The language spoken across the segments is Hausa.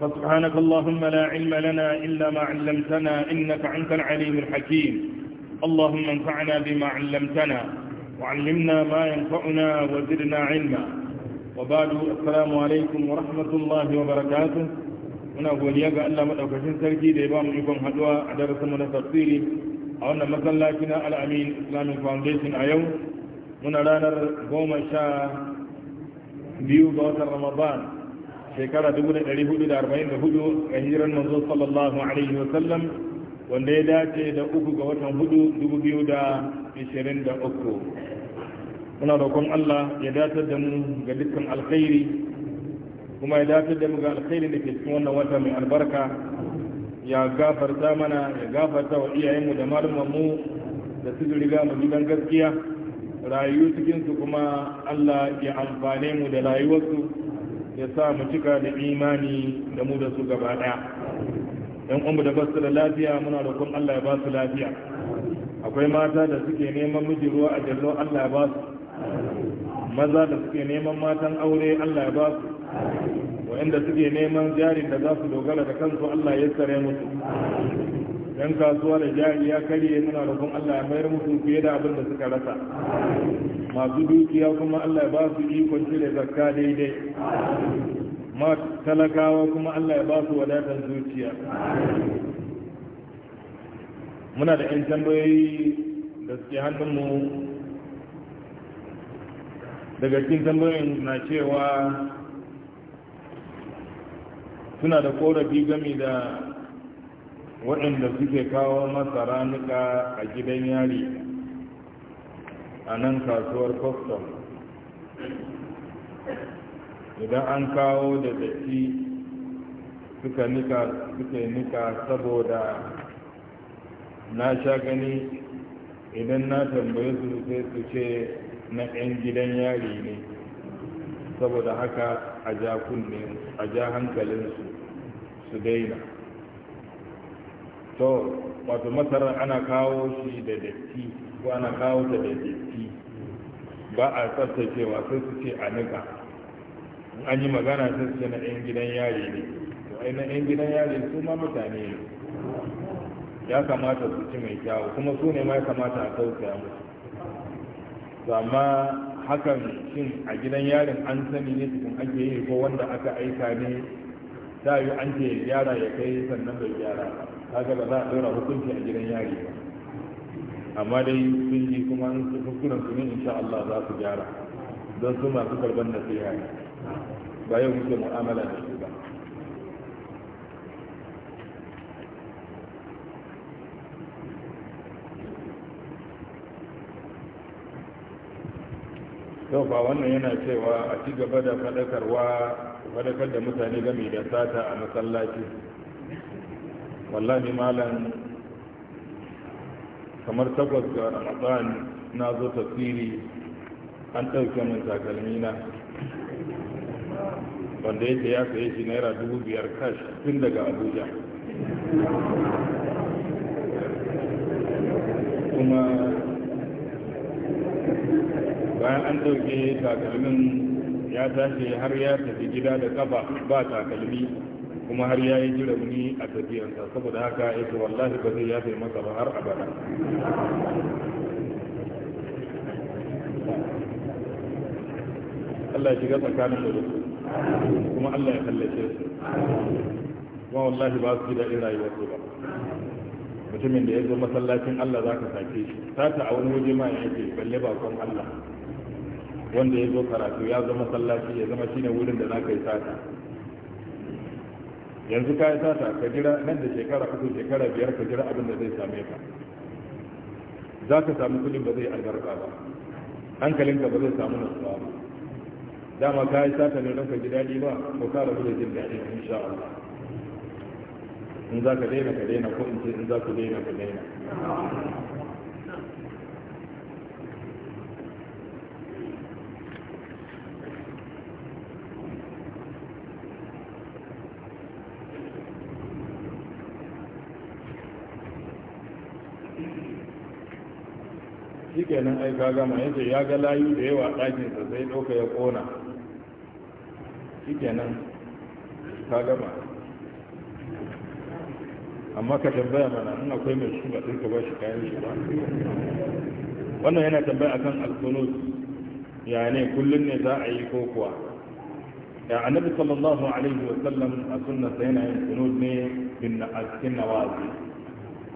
فسبحانك اللهم لا علم لنا إلا ما علمتنا إنك أنت العليم الحكيم اللهم انفعنا بما علمتنا وعلمنا ما ينفعنا وزدنا علما وبعد السلام عليكم ورحمة الله وبركاته muna godiya ga Allah madaukakin sarki da ya ba mu ikon haduwa a darasinmu na tafsiri a wannan masallaci na Al-Amin Islamic Foundation a yau muna ranar goma sha biyu ga watan Ramadan shekara dubu da da da hudu arba'in 1444 ga hirar manzo sallallahu alaihi wa sallam wanda ya dace da uku ga watan hudu dubu biyu da da ishirin 2023 muna roƙon Allah ya datar da mu ga dukkan alkhairi kuma ya datar da mu ga alkhairi da ke cikin wannan wata mai albarka ya gafarta mana ya gafarta wa iyayenmu da malumanmu da su riga mu gidan gaskiya rayu cikinsu kuma Allah ya amfane mu da rayuwarsu ya sa mu cika da imani da mu da su gaba daya yan umu da basu da lafiya muna roƙon Allah ya ba su lafiya akwai mata da suke neman miji ruwa a jallo Allah ya ba su maza da suke neman matan aure Allah ya ba su wa'anda suke neman jari da za su dogara da kansu Allah ya tsare musu yan kasuwa da jari ya karye muna roƙon Allah ya mayar musu fiye da abin da suka rasa masu dukiya kuma Allah ya ba su ikon cire zakka daidai ma talakawa kuma Allah ya ba su wadatar zuciya muna da 'yan tambayoyi da suke hannunmu daga cikin tambayoyin na cewa suna da korafi gami da waɗanda suke kawo masa ranuka a gidan yari a nan kasuwar kwastam idan an kawo da datti suka nika suka nika saboda na sha gani idan na tambaye su sai su ce na 'yan gidan yari ne saboda haka a ja kunne a ja hankalinsu su daina to wato masarar ana kawo shi da datti ko na kawo ta da datti ba a tsaftacewa sai su ce a nika an yi magana su ce na 'yan gidan yari ne to ai na 'yan gidan yari su ma mutane ne ya kamata su ci mai kyawu kuma su ne ma ya kamata a tausaya musu amma hakan shin a gidan yarin an sani ne cikin ake yi ko wanda aka aika ne ta yi an ke yara ya kai sannan bai gyara kaga ba za a ɗora hukunci a gidan yari ba amma dai sun yi kuma in su su ne insha Allah za su gyara don su masu karban nasiha ne ba yau muke mu'amala da su ba yau ba wannan yana cewa a ci gaba da faɗakarwa faɗakar da mutane game da sata a masallaci wallahi malam kamar takwas ga ramadan na zo tasiri an ɗauke min takalmi na wanda yake ya sayi shi naira dubu biyar kash tun daga abuja kuma bayan an ɗauke takalmin ya tashi har ya tafi gida da kafa ba takalmi kuma har ya yi jira wani a tafiyansa saboda haka ya ce wallahi ba zai fi masa ba har abada Allah ya shiga tsakanin da su kuma Allah ya kallace su kuma wallahi ba su ji daɗin rayuwar su ba mutumin da ya zo masallacin Allah za ka sake shi sata a wani waje ma ya ce balle bakon Allah wanda ya zo karatu ya zama masallaci ya zama shine wurin da za ka yi sata yanzu ka yi sata ka jira nan da shekara uku shekara biyar ka jira abin da zai same ka za ka samu kudin ba zai albarka ba hankalinka ba zai samu nasuwa ba dama ka yi sata ne ka ji daɗi ba ko ka rabu da jin daɗi sha Allah in za ka daina ka daina ko in ce in za ku daina ka daina kenan ai ka gama yace ya ga layu da yawa a sa sai ɗauka ya ƙona shi kenan ka gama amma ka tambaya mana in akwai mai shi ba ka ba shi kayan shi ba wannan yana tambaya akan alkunut ya ne kullum ne za a yi ko kuwa ya annabi sallallahu alaihi wa sallam a sunna sai yana yin kunut ne bin na askin nawazi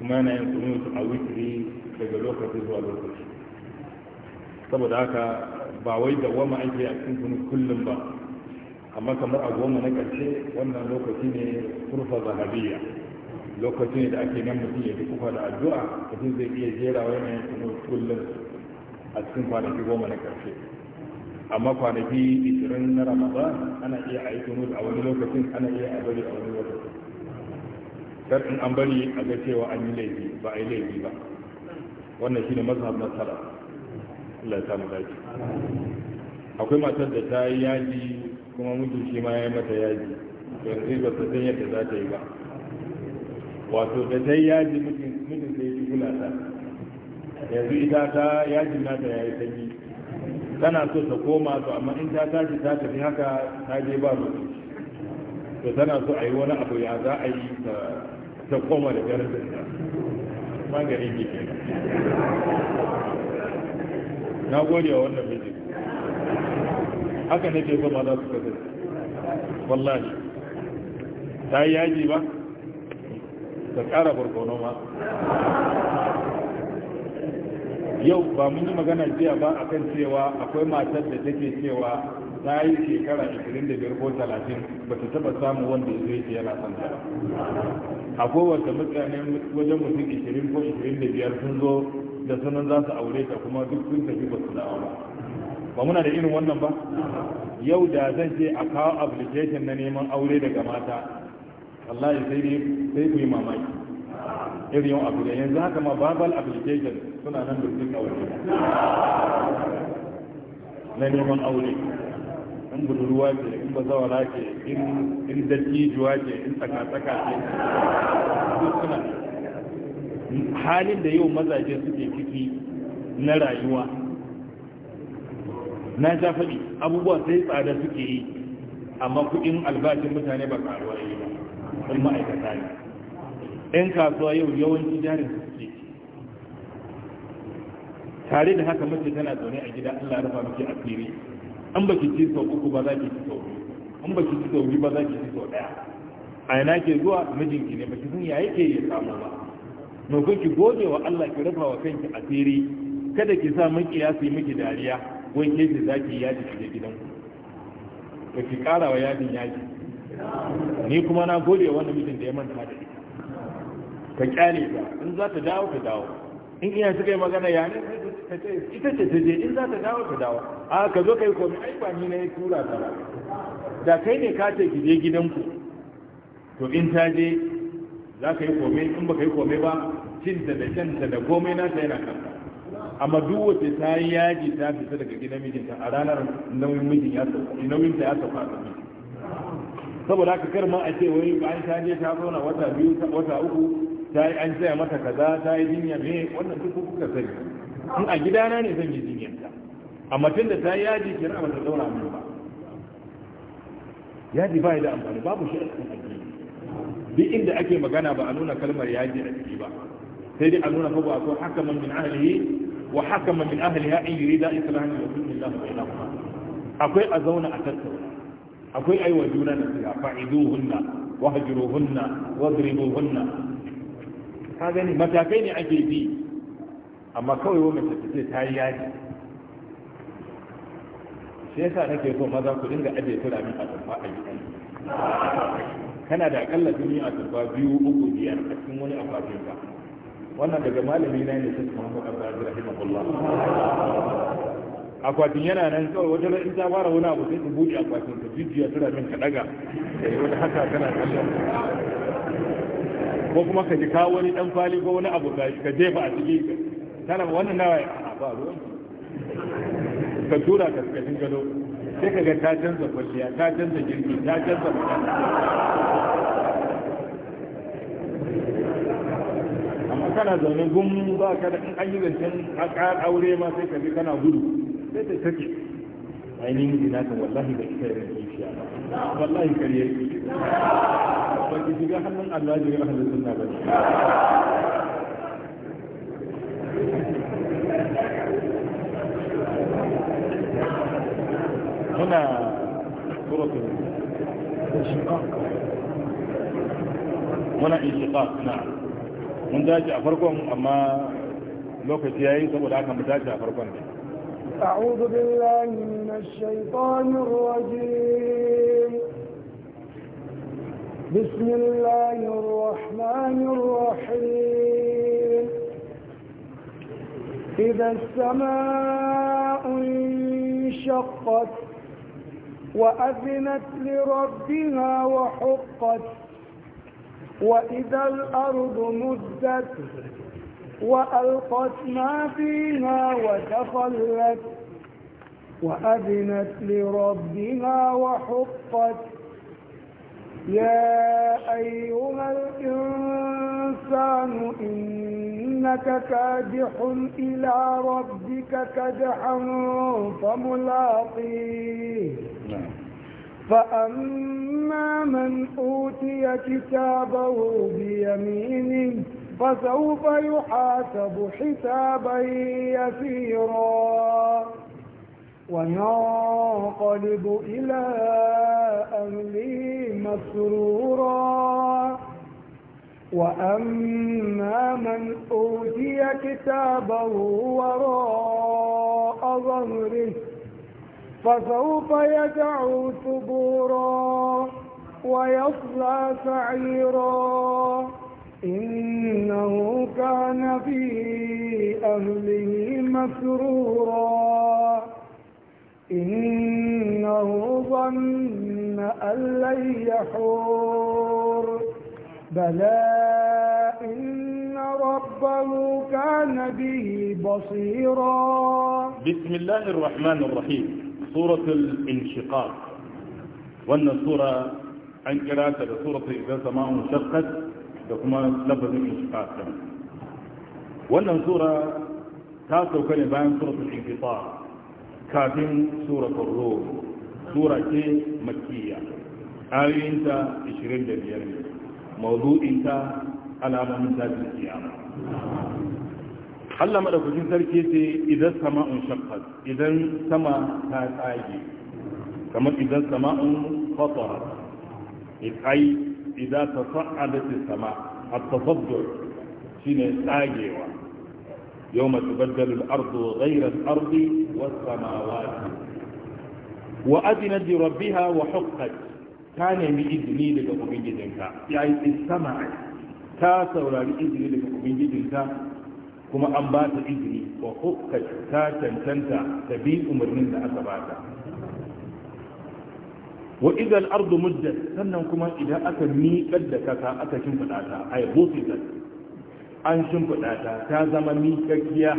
kuma yana yin kunut a wikiri daga lokaci zuwa lokaci saboda haka ba wai da wama ake a cikin kunu kullum ba amma kamar a goma na ƙarshe wannan lokaci ne furfa zahabiya lokaci ne da ake nan mutum ya fi kufa da addu'a mutum zai iya jera wani ne kuma kullum a cikin kwanaki goma na ƙarshe amma kwanaki ishirin na ramadan ana iya a yi kunu a wani lokacin ana iya a bari a wani lokacin kar in an bari a ga cewa an yi laifi ba a yi laifi ba wannan shine mazhab na salaf Allah ya samu daji akwai matar da ta yi yaji kuma mutum shi ma ya yi mata yaji yanzu ba ta san yadda za ta yi ba wato da ta yi yaji mutum sai shi kula ta yanzu ita ta yaji nata ya yi sanyi tana so ta koma to amma in ta tashi ta tafi haka ta je ba lokaci to tana so a yi wani abu ya za a yi ta koma da garin ta maganin ne na gode wa wannan miji haka nake zama za su kasu, wallahi ta yi yaji ba ta ƙara barkono ma yau ba mun yi magana jiya ba a kan cewa akwai matar da take cewa ta yi shekara 25 ko 30 ba ta taba samu wanda ya zo yana son ta akwai wata mutane wajen mutum 20 ko 25 sun zo da sunan za su aure ta kuma duk sun tafi ba su da ba ba muna da irin wannan ba yau da zan je a kawo application na neman aure daga mata wallahi sai sai ku yi mamaki irin yau abu da yanzu haka ma babal application suna nan da sun aure na neman aure in budurwa ce in bazawara ke, in dattijuwa ke, in tsaka-tsaka ke duk suna halin da yau mazaje suke ciki na rayuwa na ja faɗi abubuwa sai tsada suke yi amma kuɗin albashin mutane ba karuwa yi ba sun ma'aikata ne ɗan kasuwa yau yawanci jarin su suke tare da haka mace tana zaune a gida allah rafa miki asiri an baki ci sau uku ba za ki ci sau biyu an baki ci sau biyu ba za ki ci sau ɗaya a yana ke zuwa mijinki ne baki sun ya ke ya samu ba maimakon ki gode wa Allah ki rufa wa kanki asiri kada ki sa makiya su yi miki dariya wai ke za ki yaji ki je gidan ku ki kara wa yajin yaji ni kuma na gode wa wannan mijin da ya manta da ita ka kyale ta in za ta dawo ta dawo in iya su kai magana ya ne ita ce ta je in za ta dawo ta dawo a ka zo ka yi komai ai ba ni na yi tura ta ba da kai ne ka ce ki je gidanku to in ta je za ka yi komai in baka yi komai ba cinta da shanta da komai nata yana kanka amma duk wace ta yi yaji ta fita daga gidan mijinta a ranar nauyin mijin ya sauka nauyin ta ya sauka a kan saboda haka kar ma a ce wai an ta je ta zauna wata biyu wata uku ta yi an saya mata kaza ta yi jinya me wannan duk kuka sani in a gidana ne zan yi ta. amma tun da ta yi yaji kira ba ta zauna min ba yaji ba da amfani babu shi a cikin duk inda ake magana ba a nuna kalmar yaji a ciki ba sai dai a nuna fa ba ko hakaman min ahlihi wa hakaman min ahliha in yurida islahan wa billahi bainahuma akwai a zauna a tattauna akwai ai wa juna da siya fa'iduhunna wa hajruhunna wa dribuhunna ka gani matakai ne ake bi amma kawai wa mace ce ta yi yaji shi yasa nake so maza ku dinga ajiye turamin a tsamfa a yi kana da akalla jini a atamfa biyu uku biyar a cikin wani akwatin ka wannan daga malami na ne sai da Abdul Allah akwatin yana nan kawai wajen in ta fara wani abu sai ka buɗe akwatin ka jijiya tura min ka daga sai wani haka kana kallon ko kuma ka ji kawo wani dan fali ko wani abu ka jefa a cikin ka kana wannan nawa ba ruwan ka tura ka cikin gado sai ka ga ta canza kwalliya ta canza girki ta canza amma kana zaune gun ba ka da kan an yi zancen a aure ma sai ka bi kana gudu sai ta take ainihin jina ta wallahi da ita yaran kishiya ba wallahi kariyar ki ba ki shiga hannun Allah jirin ahalin sunna ba muna inshiqaq na mun dace a farkon amma lokaci yayi saboda haka mu dace a farkon ne أعوذ بالله من الشيطان الرجيم بسم الله الرحمن الرحيم إذا السماء انشقت وأذنت لربها وحقت وإذا الأرض مدت وألقت ما فيها وتخلت وأذنت لربها وحقت يا أيها الإنسان إن إنك كادح إلى ربك كدحا فملاقيه نعم. فأما من أوتي كتابه بيمينه فسوف يحاسب حسابا يسيرا وينقلب إلى أهله مسرورا وأما من أوتي كتابه وراء ظهره فسوف يدعو ثبورا ويصلى سعيرا إنه كان في أهله مسرورا إنه ظن أن لن يحور بلى إن ربه كان به بصيرا بسم الله الرحمن الرحيم سورة الانشقاق وأن السورة عن قراءة سورة إذا سماء انشقت لكما لفظ الانشقاق وأن السورة تاسو كان سورة الانقطاع كاتم سورة الروم سورة مكية آية 25 mawdu'inta alamomin zafin kiyama Allah madaukakin sarki ce idan sama'un shaqqat idan sama ta tsage kamar idan sama'un fatarat ai idan tasa'adat as-sama at-tafaddur shine tsagewa yawma tubaddalu al-ardu ghayra al-ardi was-samawati wa adinat li rabbiha wa huqqat ka nemi izini daga ubangijinka ya yi istama'a ta saurari izini daga ubangijinka kuma an ba ta izini wa hukka ta cancanta ta bi umarnin da aka ba ta wa idan ardu muddat sannan kuma idan aka miƙar da kasa aka shimfiɗa ta ai busita an shimfiɗa ta ta zama miƙaƙiya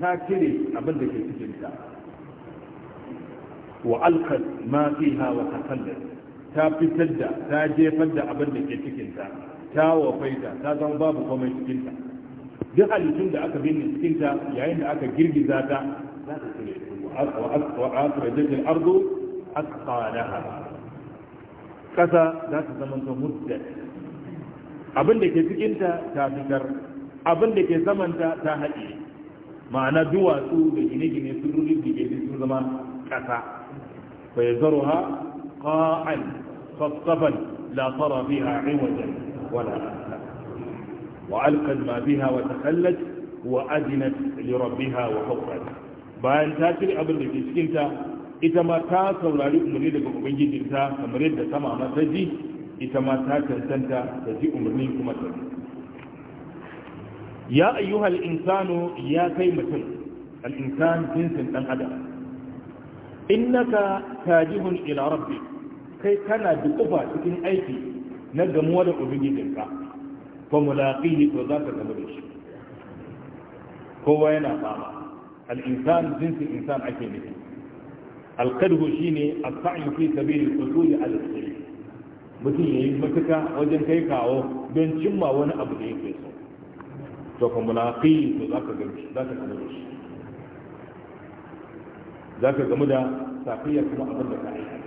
ta cire abin da ke cikin wa alqad ma fiha wa takallat ta fitar da ta jefar da abin da ke cikinta ta wafaita ta zama babu komai cikinta duk halittun da aka binne cikinta yayin da aka girgiza ta za ta cire wa akhrajatil ardu asqalaha kasa za ta zama ta mudda abin da ke cikinta ta fitar abin da ke samanta ta haɗe ma'ana duwatsu da gine-gine sun rurrugge sun zama kasa fa yazaruha qa'an صفصفا لا ترى فيها عوجا ولا أمتا ما بها وتخلت وأذنت لربها وحقت bayan ta cire abin da ke cikinta ita ma ta saurari umarni daga ubangijinta kamar yadda ta mama ta ita ma ta cancanta ta ji kuma ta ya ayyuhal insanu ya kai mutum al jinsin dan adam innaka tajihun ila kai kana dukufa cikin aiki na gamuwa da ubangijinka fa mulaqihi to za ka gamu da shi kowa yana fama al'insan insan jinsi insan ake nufi al shi ne a sayu fi sabil al-usul al-sirri mutum yi matuka wajen kai kawo don cimma wani abu da yake so to fa mulaqihi to za ka gamu da shi za ka gamu da safiya kuma abin da ka aiki.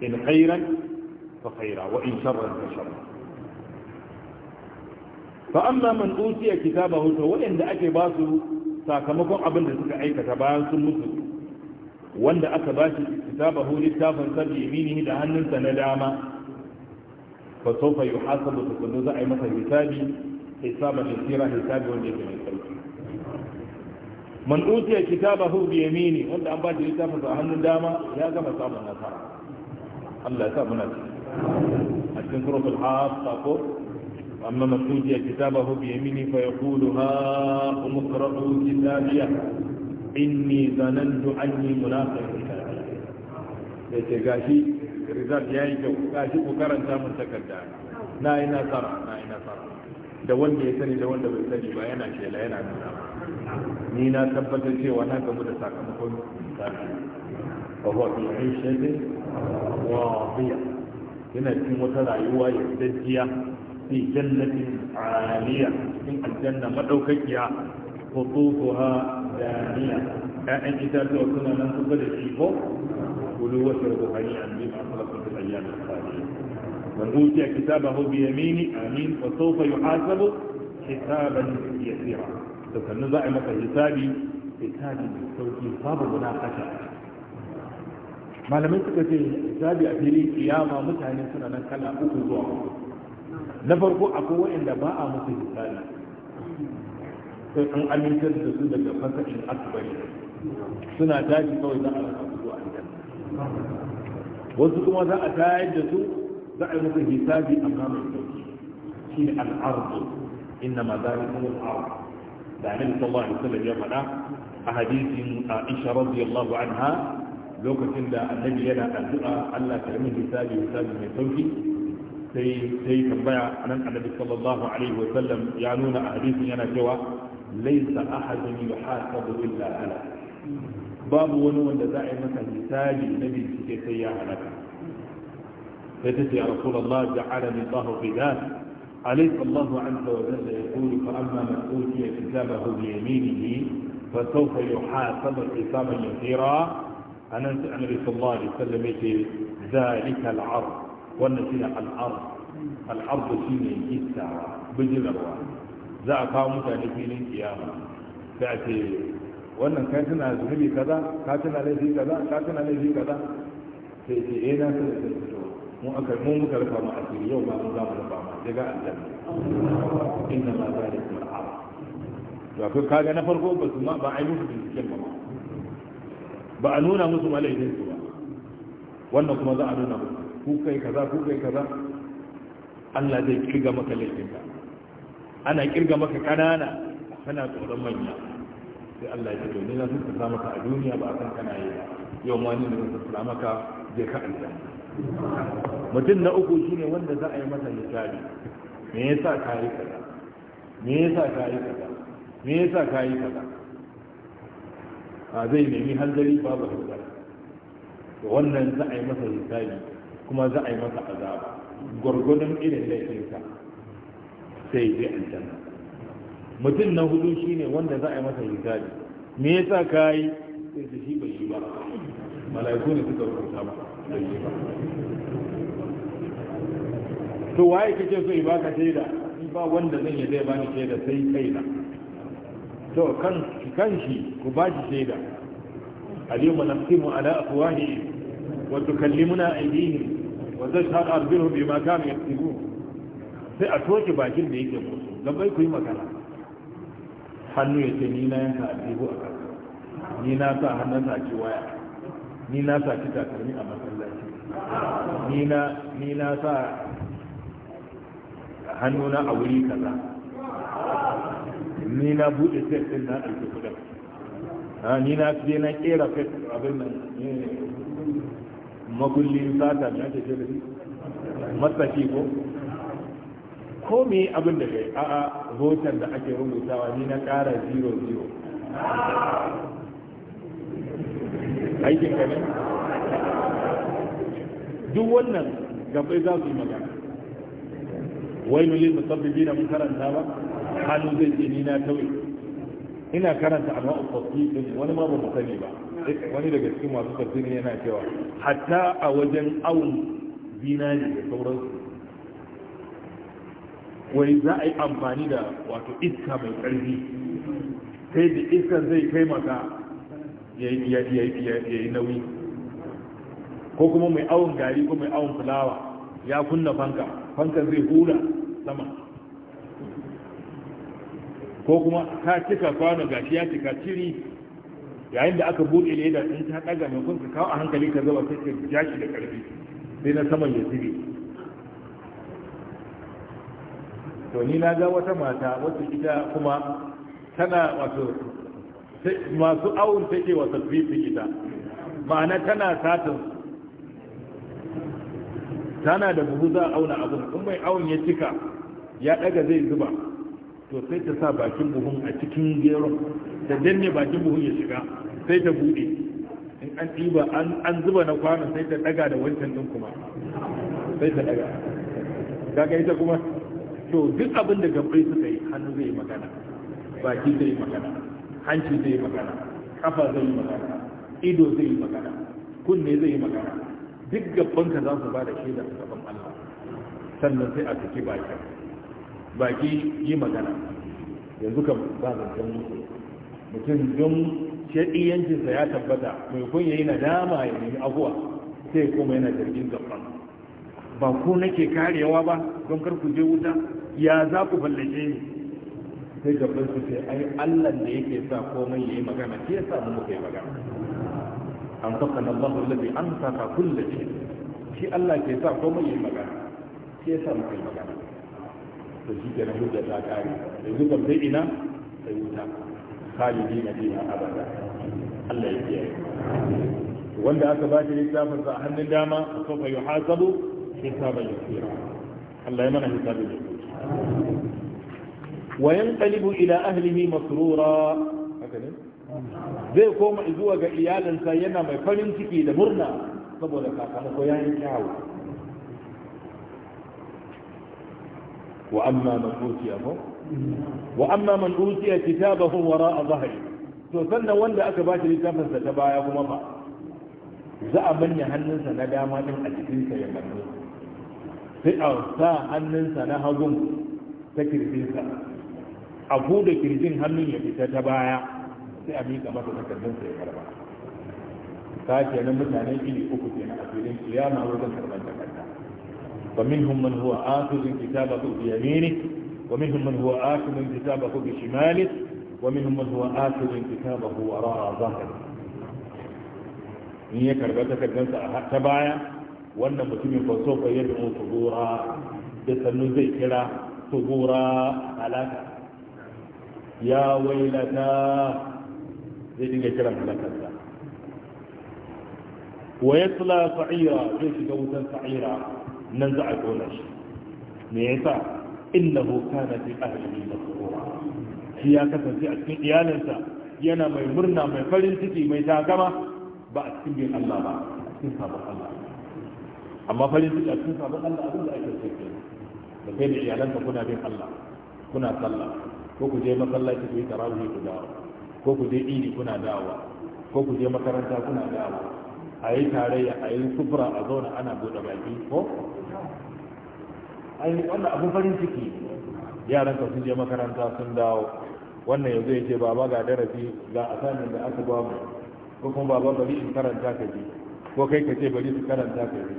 in khairan fa khaira wa in sharran fa fa amma man utiya kitabahu to wanda ake basu sakamakon abin da suka aikata bayan sun mutu wanda aka ba shi kitabahu littafin sabi yaminihi da hannunsa na dama fa sawfa yuhasabu tukunnu za a yi masa hisabi hisaban yasira hisabi wanda yake mai sauki man utiya kitabahu bi yamini wanda an ba hannun dama ya gama samun nasara Allah ya sa muna a cikin suratul haqqa ko amma man kitaba hu bi yamini fa yaqulu ha umqra'u kitabiya inni zanantu anni munafiq kitabiya sai ce gashi ya yi kyau gashi ku karanta mun takarda na ina sara na ina sara da wanda ya sani da wanda bai sani ba yana shela yana nuna ni na tabbatar cewa na gamu da sakamakon zafi فهو في عيشة راضية هنا في متلعيوة يحتجية في جنة عالية في الجنة مدوكية خطوطها دانية أعين إذا كنا ننتظر الشيخ كلوا واشربوا هنيئا بما أخلقتم في الأيام الخالية من أوجع كتابه بيمينه آمين فسوف يحاسب حسابا يسيرا تسنى دائما حسابي حسابي بالصوت صار مناقشة malamai suka ce zabi a fili kiyama mutane suna nan kala uku zuwa uku na farko akwai waɗanda ba a musu hisabi sai an amintar da su daga fasashin asibari suna daji kawai za a rasa su zuwa wasu kuma za a tayar da su za a yi musu hisabi a mai sauki shi ne al'arzu inna ma za a yi kuma al'arzu da annabi sallallahu alaihi wasallam ya faɗa a hadisin Aisha radiyallahu anha lokacin da annabi yana addu'a Allah ta yi hisabi hisabi mai sauki sai sai tambaya anan annabi sallallahu alaihi wa sallam ya nuna a hadisin yana cewa laysa ahadun yuhasabu illa ala babu wani wanda za a yi masa hisabi nabi suke sai ya halaka sai ta ce ya rasulullah ja'alani Allahu fi dhalik عليك الله عز وجل يقول فأما من أوتي كتابه بيمينه فسوف يحاسب حسابا يسيرا a nan sai annabi sallallahu alaihi wasallam yake zalika al'ar wannan shine al'ar al'ar shine gittawa bijirarwa za a kawo mutane filin kiyama sai a ce wannan kai tana zunubi kaza ka tana laifi kaza ka tana laifi kaza sai na mu aka mu muka rufa mu yau ba mu za mu rufa mu sai aljanna inna ma zalika al'ar to kaga na farko ba su ma ba ai musu binciken ba ba a nuna musu malaifin su ba wannan kuma za a nuna musu ku kai kaza ku kai kaza Allah zai kirga maka laifinka ana kirga maka kanana kana tsoron manya sai Allah ya ce ni na sun tsara maka a duniya ba a san kana yi ba yau ma ni ne sun tsara maka zai ka aljanna mutum na uku shine wanda za a yi masa misali me yasa ka kaza me yasa ka kaza me yasa ka yi kaza zai nemi hanzari babu hanzari wannan za a yi masa hisabi kuma za a yi masa azaba gwargwadon irin laifinsa sai zai aljanna mutum na hudu ne wanda za a yi masa hisabi me ya sa ka yi sai su shi bai yi ba mala'iku ne suka rubuta ba bai yi ba to waye kake so ibaka shaida in ba wanda zan yi zai bani shaida sai kaina to kan shi ku ba shi shaida al-yawma ala afwahi wa tukallimuna aydihim wa tashhadu arjuluhum bima kanu yaktubun sai a toke bakin da yake musu bai ku yi magana hannu ya ce ni na yanka aljihu a kan ni na sa hannun sa ci waya ni na sa ci takalmi a masallaci ni na sa hannuna a wuri kaza ni na buɗe sai ɗin na ɗauki kuɗin a ni na fiye na ƙera kai abin nan eh, makulli sata na ke shi matsaki ko ko me abin da kai a a hoton da ake rubutawa ni na ƙara zero zero aikin ka ne duk wannan gabai za su yi magana wai nulil musabbibi na mun karanta ba hannu zai ce ni na ina karanta a ufafi din wani ma ba mu sani ba wani daga cikin masu ne yana cewa hatta a wajen awon zinari da sauransu wai za a yi amfani da wato iska mai ƙarfi sai da iska zai kai maka ya yi nauyi ko kuma mai awon gari ko mai awon fulawa ya kunna fanka fankan zai hula sama ko kuma ka cika kwano gashi ya cika ciri yayin da aka buɗe leda in ta ɗaga mai kun ka kawo a hankali ka zaba sai ka ja shi da ƙarfi sai na saman ya zube to ni na ga wata mata wata ita kuma tana wato masu awon take wata fifi ita ma'ana tana satin tana da buhu za a auna abin kuma mai awon ya cika ya ɗaga zai zuba to sai ta sa bakin buhun a cikin gero ta danne bakin buhun ya shiga sai ta bude in an ɗiba an zuba na kwano sai ta daga da wancan din kuma sai ta daga kaga ita kuma to duk abin da gabbai suka yi hannu zai magana baki zai magana hanci zai magana kafa zai magana ido zai magana kunne zai magana duk gabbanka za su ba da shaida a gaban Allah sannan sai a tuki bakin baki yi magana yanzu kam ba zancen musu mutum don shaɗiyancinsa ya tabbata mai kun yayi dama ya nemi abuwa sai kuma yana jirgin gaban ba ku nake karewa ba don kar ku je wuta ya za ku fallace ni sai gaban su ce ai Allah da yake sa komai yayi magana ke sa mu muka yi magana an saka Allahu alladhi an saka shay shi Allah ke sa komai yayi magana ke sa muka yi magana to shi ke na hujja ta kare yanzu kam sai ina sai wuta khalidi na fiha abada Allah ya kiyaye wanda aka ba shi littafin sa a hannun dama sawfa yuhasabu hisaban yasira Allah ya mana hisabi da wa yanqalibu ila ahlihi masrura haka ne zai koma zuwa ga iyalinsa yana mai farin ciki da murna saboda sakamako ya yi kyawu wa amma man utiya ko wa amma man utiya kitabahu wara'a zahri to sannan wanda aka ba shi littafin ta baya kuma ba za a manya hannunsa na dama din a cikin ya manne sai a sa hannunsa na hagun ta kirjinsa a buɗe kirjin hannun ya fita ta baya sai a miƙa masa ya mutane iri uku a filin wajen فمنهم من هو آخذ كتابه بيمينه ومنهم من هو آخذ كتابه بشماله ومنهم من هو آخذ كتابه وراء ظهره in ya karba takardarsa a ta baya wannan mutumin ba so fa yadda su gora da sannu zai kira su gora halaka ya wailata zai dinga kiran halakarsa wa yasla sa'ira zai shiga wutan sa'ira nan za a kona shi me ya sa yasa innahu kana fi ahlihi masrura shi ya kasance a cikin iyalinsa yana mai murna mai farin ciki mai takama ba a cikin bin Allah ba a cikin sabon Allah amma farin ciki a cikin sabon Allah abin da ake so da kai da iyalanka kuna bin Allah kuna sallah ko ku je masallaci ku yi tarawih ku dawo ko ku je idi kuna dawo? ko ku je makaranta kuna dawo? a yi tarayya a yi sufura a zauna ana buɗe baki ko ai wannan abu farin ciki yaran ka sun je makaranta sun dawo wannan yanzu ya ce baba ga darasi ga asanin da aka bamu ko kuma baba bari in karanta ka ji ko kai ka ce bari su karanta ka ji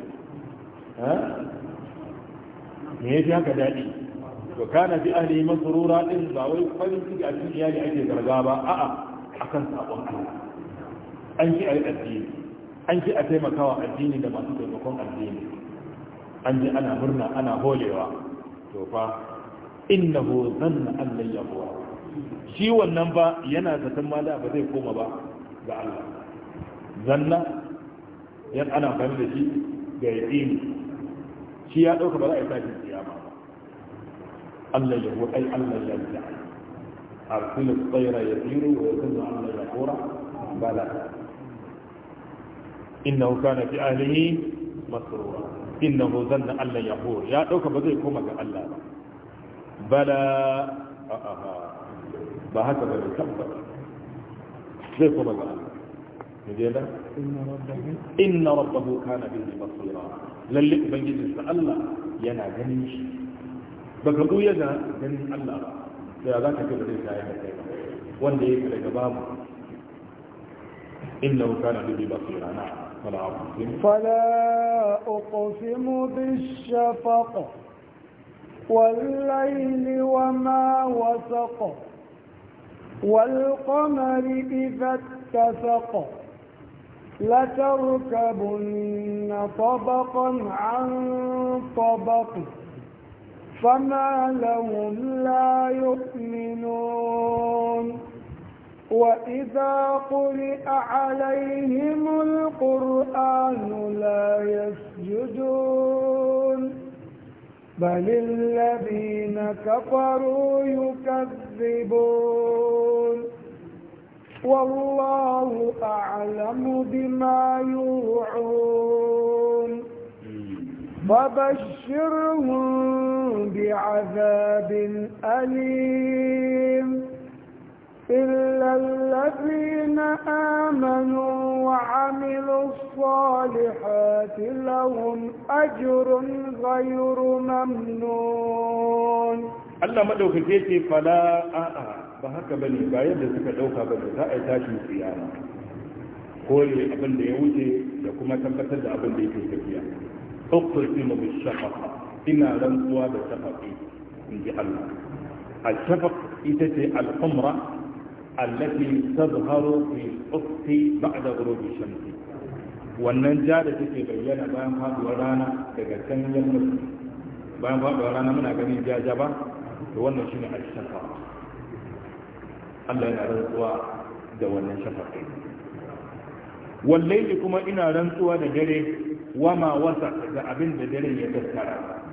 me ya fi haka daɗi to kana fi ahli masrura din ba wai farin ciki a cikin iyali ake zarga ba a'a kan sabon Allah an ki yi addini an ki a taimakawa addini da masu taimakon addini an ji ana murna ana holewa to fa innahu zanna an lan yahuwa shi wannan ba yana zaton ma da ba zai koma ba ga Allah zanna yan ana fahimta da shi ga yaqini shi ya dauka ba za a yi tashin kiyama ba Allah yahu ai Allah ya yi arsilu tsayra yasiru wa yakunnu Allah ya yaqura bala innahu kana fi ahlihi masrura إنه ظن أن يحور يا ya dauka كوما zai الله بلا بهذا ba bala زي كوما haka الله مجيلا إن ربه كان به بصيرا للي أبنجد الله ينا جنيش بقضوا ينا جني الله سيادات كبير رسائة وان ليك لجبابه إنه كان به بصيرا نعم فلا أقسم, بالشفق والليل وما وسق والقمر إذا اتسق لتركبن طبقا عن طبق فما لهم لا يؤمنون وإذا قرئ عليهم القرآن لا يسجدون بل الذين كفروا يكذبون والله أعلم بما يوعون فبشرهم بعذاب أليم إلا الذين آمنوا وعملوا الصالحات لهم أجر غير ممنون الله ما دوك تيتي فلا آآ آه, آه، بحك بني بايد لسك دوك بني لا إتاش مسيانا قولي أبن ليوجي لكما تنبتد أبن ليكي كفيا اقسم بالشفقة إنا لم توابى شفقي إن جعلنا الشفقة إتتي الحمرة التي تظهر في ufqi بعد غروب الشمس wannan ja da take bayyana bayan faduwar rana daga can yammaci bayan faduwar rana muna ganin ja ja ba to wannan shine al-shafa Allah yana rantsuwa da wannan kai wallahi kuma ina rantsuwa da dare wama wasa da abin da dare ya tattara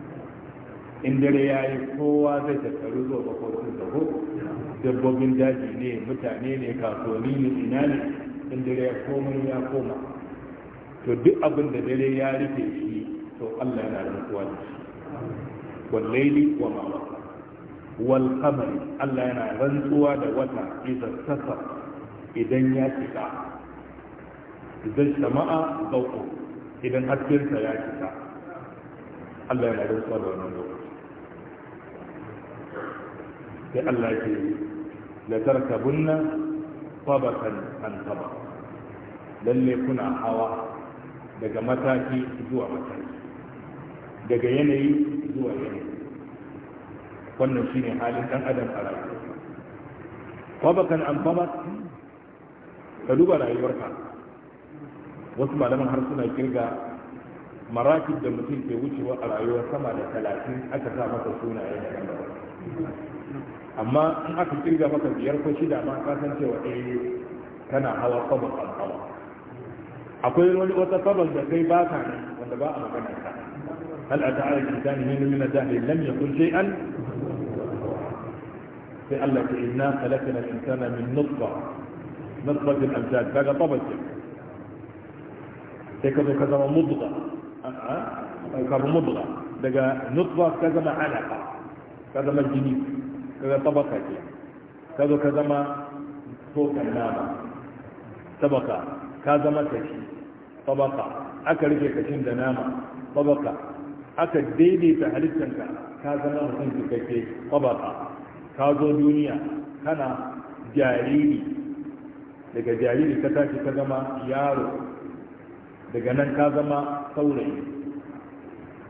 in dare yayi kowa zai tattaru zuwa bakwai da hudu dabbobin daji ne mutane ne kasuwanni ne ina ne in dare ya koma ya koma to duk abin da dare ya rufe shi to Allah yana rantsuwa da shi wal laili wa ma wal qamar Allah yana rantsuwa da wata idan sasa idan ya cika idan sama'a dauko idan hakkin sa ya cika Allah yana rantsuwa da wannan lokaci sai Allah ke la tarkabunna tabakan an tabak lalle kuna hawa daga mataki zuwa mataki daga yanayi zuwa yanayi wannan shine halin dan adam a rayuwa tabakan an tabak ka duba rayuwarka wasu malaman har suna kirga marakib da mutum ke wucewa a rayuwar sama da talatin aka sa masa sunaye da amma in aka kirga maka biyar ko shida ma ka san cewa eh kana hawa saban alhawa akwai wani wata saban da kai ba ka nan wanda ba a magana ta hal a ta'ala kitani min min dahi lam yakun shay'an sai Allah ya inna khalaqna al-insana min nutfa nutfa nutfatin amjad kaga taban sai ka zo ka zama mudda a'a ka zama mudda daga nutfa ka zama alaka ka zama jini kaga tabaka ke ka zo ka zama tokan nama tabaka ka zama kashi tabaka aka rike kashin da nama tabaka aka daidaita halittanka ka zama mutum cikakke tabaka ka zo duniya kana jariri daga jariri ka tashi ka zama yaro daga nan ka zama saurayi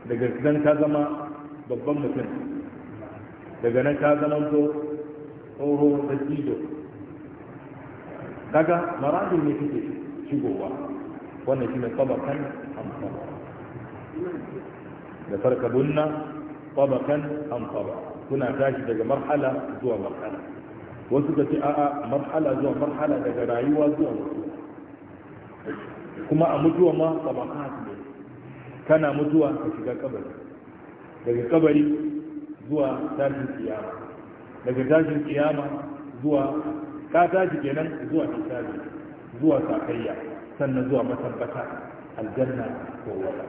daga nan ka zama babban mutum daga nan ka to tsoho da jido Daga maradin ne kake shigowa wannan shine tabakan amsa da farkabunna tabakan amsa kuna tashi daga marhala zuwa marhala wasu ka ce a'a marhala zuwa marhala daga rayuwa zuwa mutuwa kuma a mutuwa ma tabakan ne kana mutuwa ka shiga kabari daga kabari zuwa tashin kiyama daga tashin kiyama zuwa ka tashi kenan zuwa hisabi zuwa sakayya sannan zuwa matabbata aljanna ko wata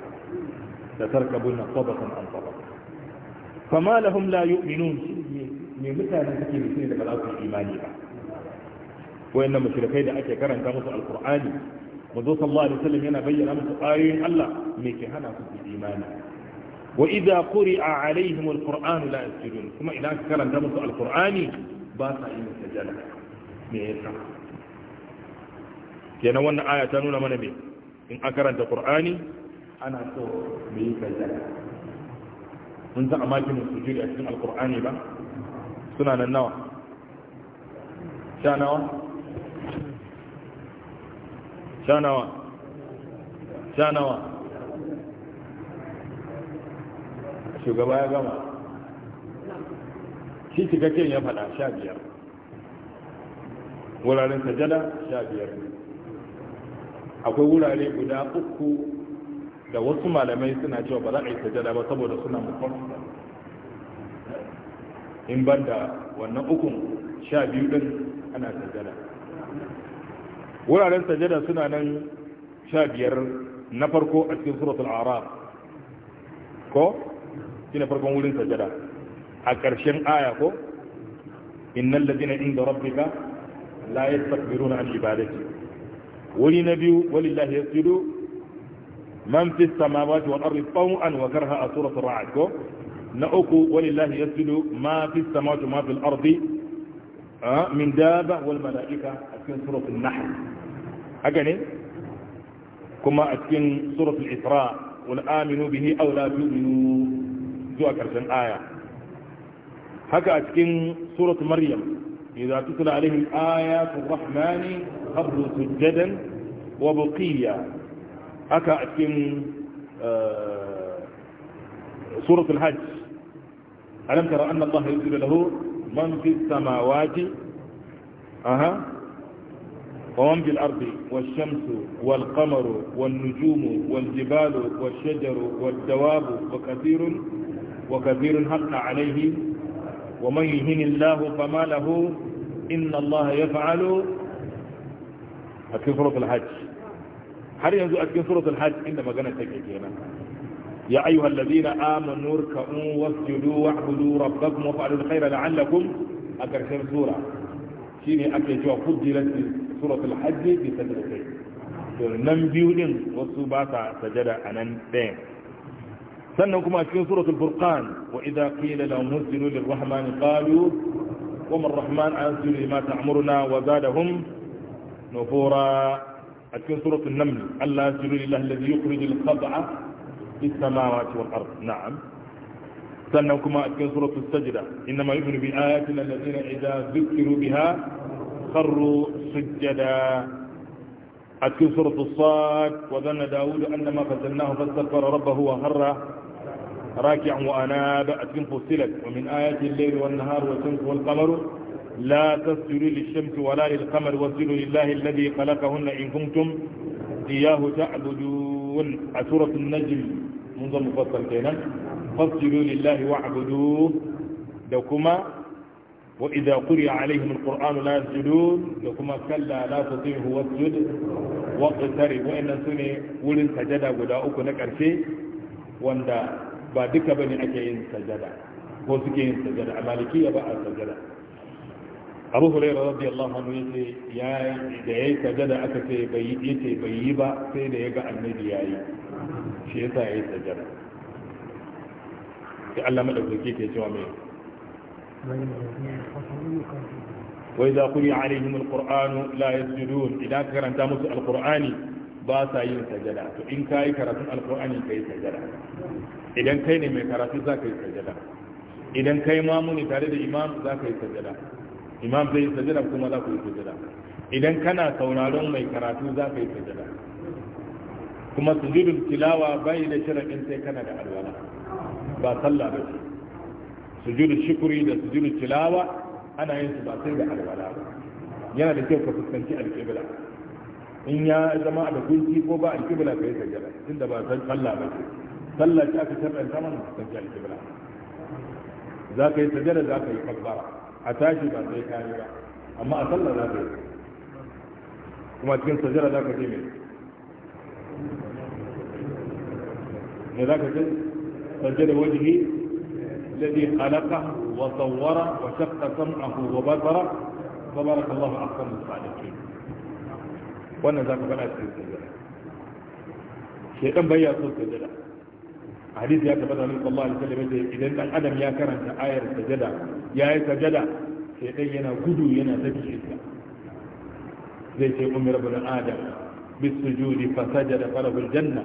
da tarkabuna tabatan an tabata fama lahum la yu'minun me mutane suke mutum da ba za su imani ba wayannan mushrikai da ake karanta musu alqur'ani manzo sallallahu alaihi wasallam yana bayyana musu ayoyin Allah me ke hana su imani wa idza quri'a alaihim alquran la yasjudun kuma idan ka karanta musu alqurani ba sa yin sajada me yasa kenan wannan aya ta nuna mana me in aka karanta qur'ani ana so me yi sajada mun san amakin sujudi a cikin alqurani ba suna nan nawa sha nawa sha nawa sha nawa shugaba ya gama shi cikakken ya faɗa sha biyar wuraren sajada sha biyar akwai wurare guda uku da wasu malamai suna cewa ba za a yi sajada ba saboda suna mutum in ban da wannan ukun sha biyu din ana sajada wuraren sajada suna nan sha biyar na farko a cikin suratul araf ko shine farkon wurin sajada a ƙarshen aya ko innal ladina inda rabbika la yastakbiruna an ibadati wuri na biyu walillahi yasjudu man fi samawati wal ardi taw'an wa karha a suratul ra'd ko na uku walillahi yasjudu ma fi samawati ma fil ardi min daba wal malaika a cikin suratul nahl haka ne kuma a cikin suratul isra wal aminu bihi aw la tu'minu zuwa ƙarshen aya haka a cikin surat maryam idza tutla alaihim ayatu rahmani kharru sujadan wa buqiya haka a cikin eh, surat al-hajj alam tara anna allaha yusli lahu man fi samawati aha ومن في الأرض والشمس والقمر والنجوم والجبال والشجر والدواب وكثير وكثير حق عليه ومن يهن الله فما له إن الله يفعل أكين سورة الحج هل ينزو أكين سورة الحج إنما كانت تكيكينا يا أيها الذين آمنوا اركعوا واسجدوا واعبدوا ربكم وفعلوا الخير لعلكم أكرشن سورة شيني أكين شوى فضلت سورة الحج بسجدتين نم بيولين وصوباتا سجد أنان دين سنه كما في سورة البرقان وإذا قيل لهم نزلوا للرحمن قالوا وما الرحمن أنزل لما تعمرنا وزادهم نفورا أتكون سورة النمل ألا أنزل لله الذي يخرج الخضع في السماوات والأرض نعم سنه كما أتكون سورة السجدة إنما يؤمن بآياتنا الذين إذا ذكروا بها خروا سجدا أتكون سورة الصاد وذن داود أنما فتلناه فاستغفر ربه وهره راكعا وأناب أتم فصلت ومن آيات الليل والنهار والشمس والقمر لا تسجدوا للشمس ولا للقمر واسجدوا لله الذي خلقهن إن كنتم إياه تعبدون أسورة النجم منذ المفصل كينا فاسجدوا لله واعبدوه دوكما وإذا قرئ عليهم القرآن لا يسجدون دوكما كلا لا تطيعه واسجد واقترب وإن سنة ولن سجد وداؤك نكر شيء وإن ba duka bane ake yin sajada ko suke yin sajada a malikiya ba a sajada abu hurairu radiyallahu anhu yace ya da yayi sajada aka ce bai yace bai yi ba sai da ya ga annabi yayi shi yasa yayi sajada sai Allah madaukake ke cewa mai wa idza quri alaihim alquran la yasjudun idan karanta musu alqurani ba sa yin sajada to in ka yi karatun alkur'ani ka yi sajada idan kai ne mai karatu za ka yi sajada idan kai mamuni tare da imam za ka yi sajada imam zai yi sajada kuma za ku yi sajada idan kana sauraron mai karatu za ka yi sajada kuma su sujudul tilawa bai da sharaɗin sai kana da alwala ba sallah ba ce sujudul shukuri da su sujudul tilawa ana yin su ba sai da alwala ba yana da kyau ka fuskanci alƙibla in ya zama a da gunki ko ba ka yi sajjada tunda ba san sallah ba ce sallah ce aka sharɗanta mana ta ji alkibla za ka yi sajjada za ka yi kabbara a tashi ba sai ka yi ba amma a sallah za ka yi kuma cikin sajjada za ka je mai ne za ka ce sajjada wajihi الذي خلقه وصوره وشق سمعه وبصره تبارك الله احسن الخالقين wannan za ka faɗa cikin sujjada shaitan bai ya so sujjada a hadisi ya tabbata min sallallahu alaihi wasallam yace idan dan adam ya karanta ayar sujjada ya yi sujjada shaitan yana gudu yana tafi shi zai ce umar ibn adam bis sujudi fa sajada falahu janna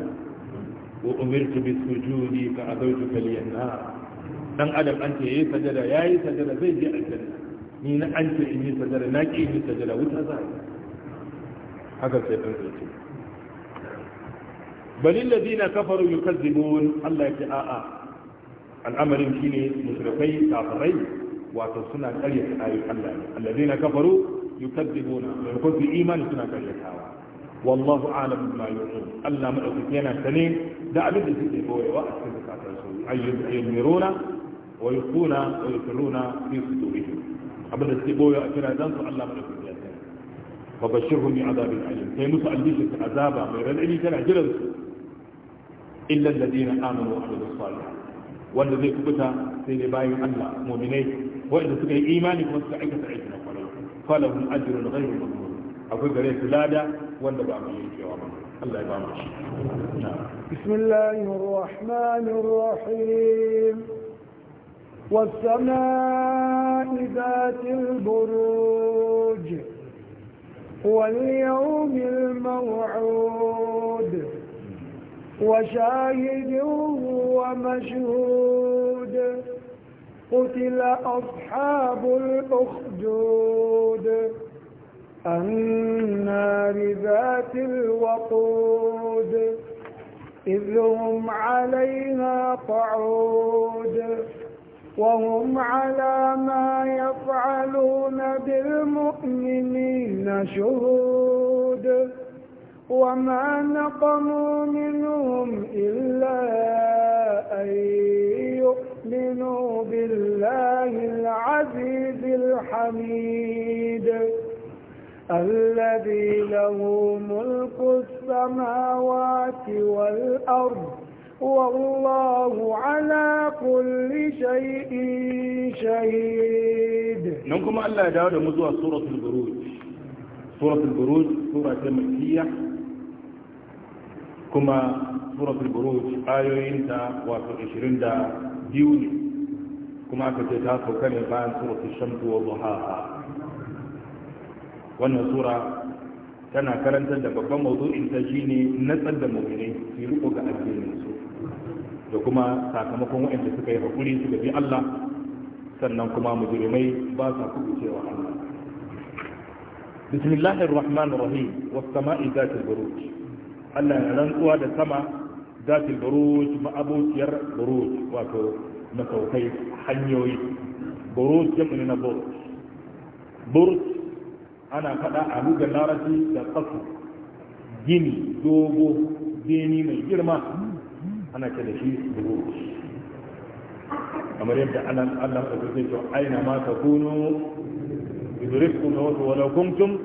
wa umirtu bis sujudi fa adawtu falyanna dan adam an ce yayi sajada yayi sajada zai je aljanna ni na an ce in yi sajada na ki in yi sajada wuta za a yi haka sai ɗan tsaye balin da zina kafaru yi kazzibun allah ya ce a'a al'amarin shi ne musulmai kafirai wato suna ƙaryata ayoyin allah ne dina kafaru yukazzibuna maimakon su imani suna ƙaryatawa wallahu alam ma yu'un allah madaukaki yana sane da abin da suke boyewa a cikin zakatar su ayyumiruna wa yusuna wa yusiruna fi sudurihim abin da suke boyewa a kira dan su allah madaukaki فبشرهم بعذاب العليم تيموس عن بيشة عذابة غير العليم تنعجل إلا الذين آمنوا وعملوا الصالحات والذي كبتا في باي أن مؤمنين وإذا تقي إيمانك وستعيك سعيدنا فلهم أجر غير مضمون أقول ذلك لا دا وأن بعملين الله يبارك الله يبعمل بسم الله الرحمن الرحيم والسماء ذات البروج واليوم الموعود وشاهد ومشهود قتل أصحاب الأخدود النار ذات الوقود إذ هم عليها قعود وهم على ما يفعلون بالمؤمنين شهود وما نقموا منهم إلا أن يؤمنوا بالله العزيز الحميد الذي له ملك السماوات والأرض والله على كل شيء شهيد نكم الله داود مزوى سورة البروج سورة البروج سورة مكية كما سورة البروج آيوين دا واتو عشرين دا ديوني كما كتتاكو كان يبان سورة الشمس وضحاها wannan sura tana karantar da babban mawdu'in ta shine natsar da mu'minai su riko ga addinin su da kuma sakamakon waɗanda suka yi haƙuri suka bi Allah sannan kuma mujrimai ba sa cewa Allah bismillahir rahmanir rahim was sama'i zatil buruj Allah ya rantsuwa da sama zatil buruj ma'abociyar buruj wato na saukai hanyoyi buruj jam'u na buruj buruj ana faɗa a lugar larabci da kasu gini dogo beni mai girma ana ce da shi dubu kamar yadda Allah Allah da zai to aina ma takunu yudrikum maut wa law kuntum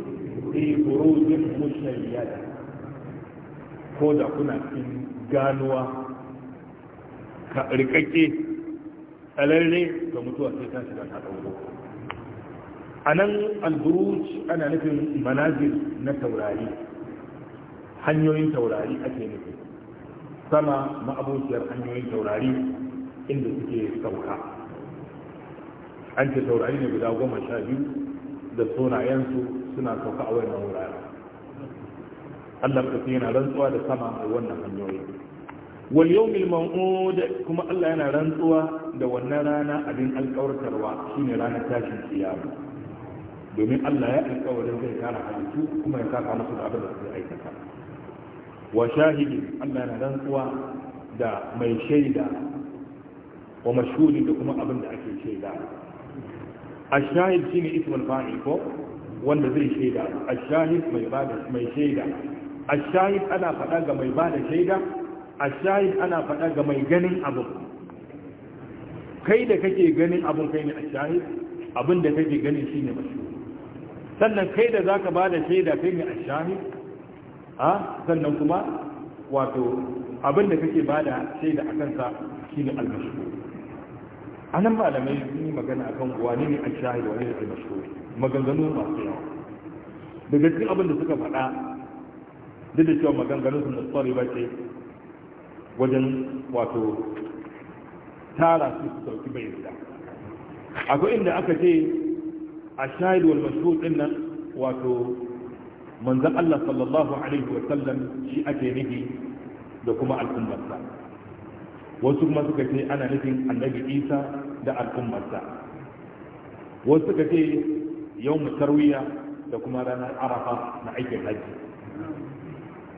fi burujin mushayyada ko da kuna cikin ganuwa ka rikakke tsalalle ga mutuwa sai ta shiga ta ɗauro a nan alburuj ana nufin manazil na taurari hanyoyin taurari ake nufi sama ma'abokiyar hanyoyin taurari inda suke sauka an ce taurari ne guda goma sha biyu da sunayensu suna sauka a wayan wurare Allah kafi yana rantsuwa da sama a wannan hanyoyi wal yawmil da kuma Allah yana rantsuwa da wannan rana abin alƙawartarwa shine ranar tashin kiyama domin Allah ya alkawarin zai kara halittu kuma ya saka musu da abin da suke aikata wa shahidin Allah na rantsuwa da mai shaida wa mashhuri da kuma abin da ake shaida ash-shahid shine ismul fa'il ko wanda zai shaida ash-shahid mai bada mai shaida ash-shahid ana faɗa ga mai bada shaida ash-shahid ana faɗa ga mai ganin abu kai da kake ganin abun kai ne ash-shahid abin da kake ganin shine mashhuri sannan kai da zaka bada shaida kai ne ash-shahid a sannan kuma wato abin da kake bada shaida a kansa shine al A anan malamai sun yi magana akan wani ne an shahid wani ne al-mashhur maganganu masu yawa daga cikin abin da suka faɗa duk da cewa maganganun sun da tsari ba ce wajen wato tara su su sauki bai da akwai inda aka ce a shahid wal mashhur din nan wato manzon Allah sallallahu alaihi wa shi ake nufi da kuma al'ummarsa wasu kuma suka ce ana nufin annabi Isa da al'ummarsa wasu suka ce yawm tarwiya da kuma ranar arafa na aikin hajji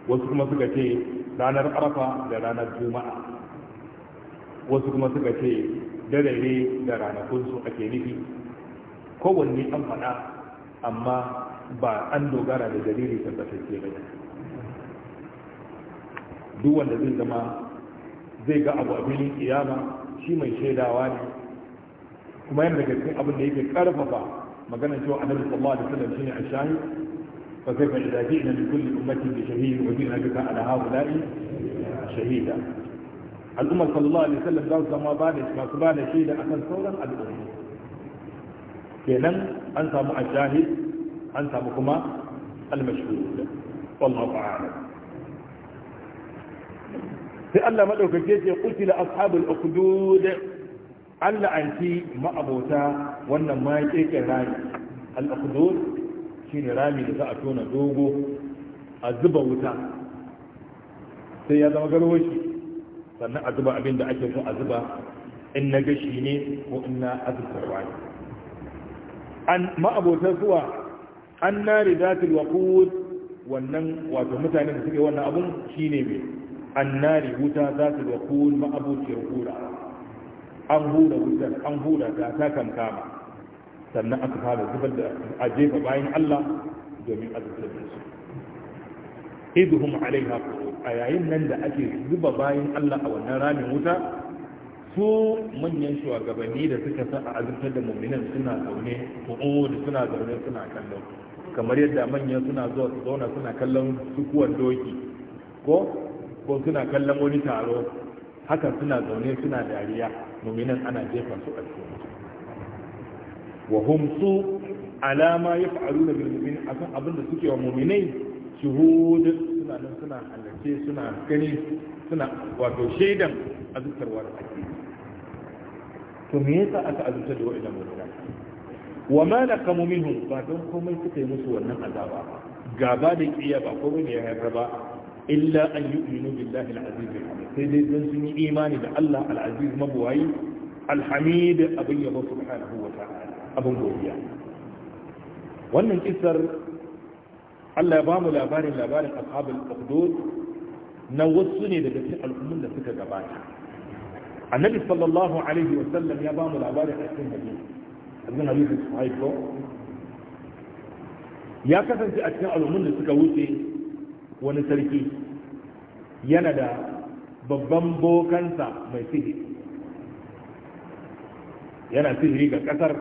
wasu kuma suka ce ranar arafa da ranar juma'a wasu kuma suka ce darare da ranakunsu ake nufi kowanne an faɗa amma ba an dogara da dalili tabbatacce ba duk wanda zai zama zai ga abu a filin kiyama shi mai shaidawa ne kuma yadda cikin abin da yake karfafa magana cewa annabi sallallahu alaihi wasallam shine ashahi fa kaifa idza ji'na min kulli ummatin bi shahid wa ji'na bika ala haula'i shahida al'ummar sallallahu alaihi wasallam za su zama ba da masu ba da shaida akan sauran al'umma kenan an samu ashahid an samu kuma almashhud wallahu a'lam sai Allah madaukake ce qutila ashabul ukhdud Allah anti ma'abota wannan ma yake rami al-ukhdud shine rami da za a tona dogo a zuba wuta sai ya zama garwashi sannan a zuba abin da ake so a zuba in na gashi ne ko in na azurtarwa ne an ma ma'abotar zuwa an nari zatil waqud wannan wato mutanen da suke wannan abun shine me. an nari wuta su waqud ma ma'abuciyar hura an hura wutar an hura ta ta kankama sannan aka fara zubar da a jefa bayan Allah domin azabtar su idhum alaiha a yayin nan da ake zuba bayan Allah a wannan ramin wuta su manyan shugabanni da suka sa a azabtar da mu'minan suna zaune ko suna zaune suna kallon kamar yadda manya suna zuwa su zauna suna kallon sukuwan doki ko ko suna kallon wani taro haka suna zaune suna dariya muminan ana jefa su a cikin wa hum su alama yaf'aluna bil mu'min akan abin da suke wa mu'minai shuhud suna nan suna halarce suna gani suna wato shaidan azurtarwa da ake to me yasa aka azuta da wa'idan mutane wa ma naqamu minhum ba don komai suka yi musu wannan azaba gaba da kiyaye ba komai ne ya haifar ba illa an yu'minu billahi al-aziz al-hamid sai dai don sun yi imani da Allah alaziz aziz mabuwayi al-hamid abin yabo subhanahu wa ta'ala abin godiya wannan kissar Allah ya bamu labarin labarin ashabul ukhdud na wasu ne daga cikin al'ummar da suka gabata annabi sallallahu alaihi wa sallam ya bamu labarin a cikin hadisi abin halittar su haifo ya kasance a cikin al'ummar da suka wuce wani sarki yana da babban bokansa mai sihiri yana sihiri ga kasar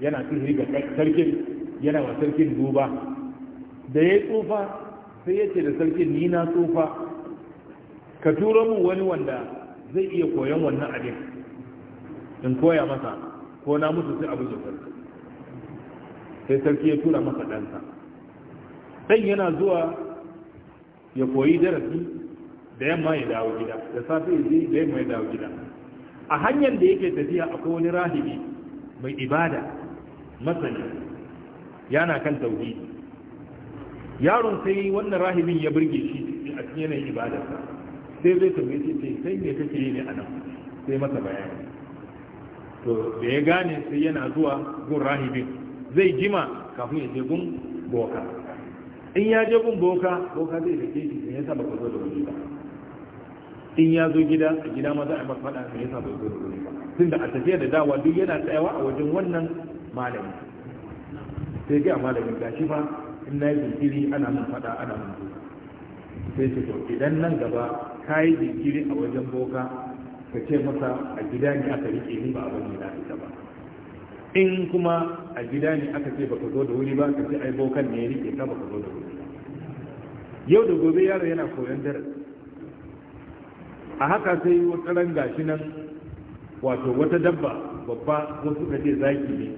yana sihiri ga sarkin yana wa sarkin duba da ya tsufa sai ya ce da sarkin ni na tsufa ka turo mu wani wanda zai iya koyon wannan abin in koya masa ko na musu sai abin sai sarki ya tura masa ɗansa ɗan yana zuwa ya koyi darasi da yamma ya dawo gida da safe ya da yamma ya dawo gida a hanyar da yake tafiya akwai wani rahibi mai ibada masani yana kan tauhi yaron sai wannan rahibin ya burge shi a cikin yanayin ibadarsa sai zai tambaye shi sai sai me kake yi ne a nan sai masa bayani to da ya gane sai yana zuwa gun rahibin zai jima kafin ya je gun boka in ya je gun boka boka zai da keji ne yasa ba ka zo da wuri ba in ya zo gida a gida ma za a ba faɗa ne yasa saba kwazo zo da wuri ba da a tafiya da dawa duk yana tsayawa a wajen wannan malami sai ga malamin gashi fa in na yi jinkiri ana mun faɗa ana mun sai ce to idan nan gaba ka yi jinkiri a wajen boka ka ce masa a gida ne aka rike ni ba a bane na ita ba in kuma a gida ne aka ce baka zo da wuri ba ka ce ai bokan ne ya rike ka baka zo da wuri yau da gobe yaro yana koyon darasi a haka sai wata ran gashi nan wato wata dabba babba ko suka ce zaki ne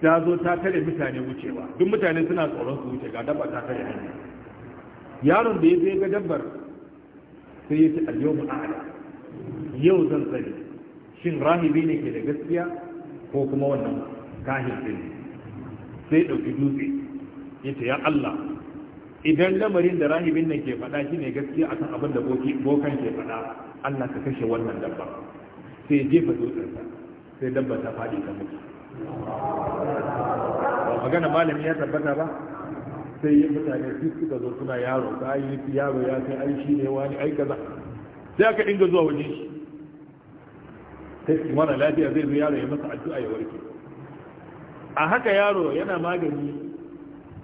ta zo ta tare mutane wucewa duk mutane suna tsoron su wuce ga dabba ta tare hanya yaron da ya ga dabbar sai ya ce al-yawma a'la yau zan sani shin rahibi ne ke da gaskiya ko kuma wannan kahin ne sai ɗauki dutse ya ce ya Allah idan lamarin da rahibin nan ke faɗa shi ne gaskiya akan abin da bokan ke faɗa Allah ka kashe wannan dabba sai jefa dutsensa sai dabba ta faɗi ta mutu ba magana malami ya tabbata ba sai mutane duk suka zo suna yaro ta yi yaro ya sai ai shi ne wani ai kaza sai aka dinga zuwa waje shi Ta sai mara lafiya zai zo yaro ya masa addu'a ya warke a haka yaro yana magani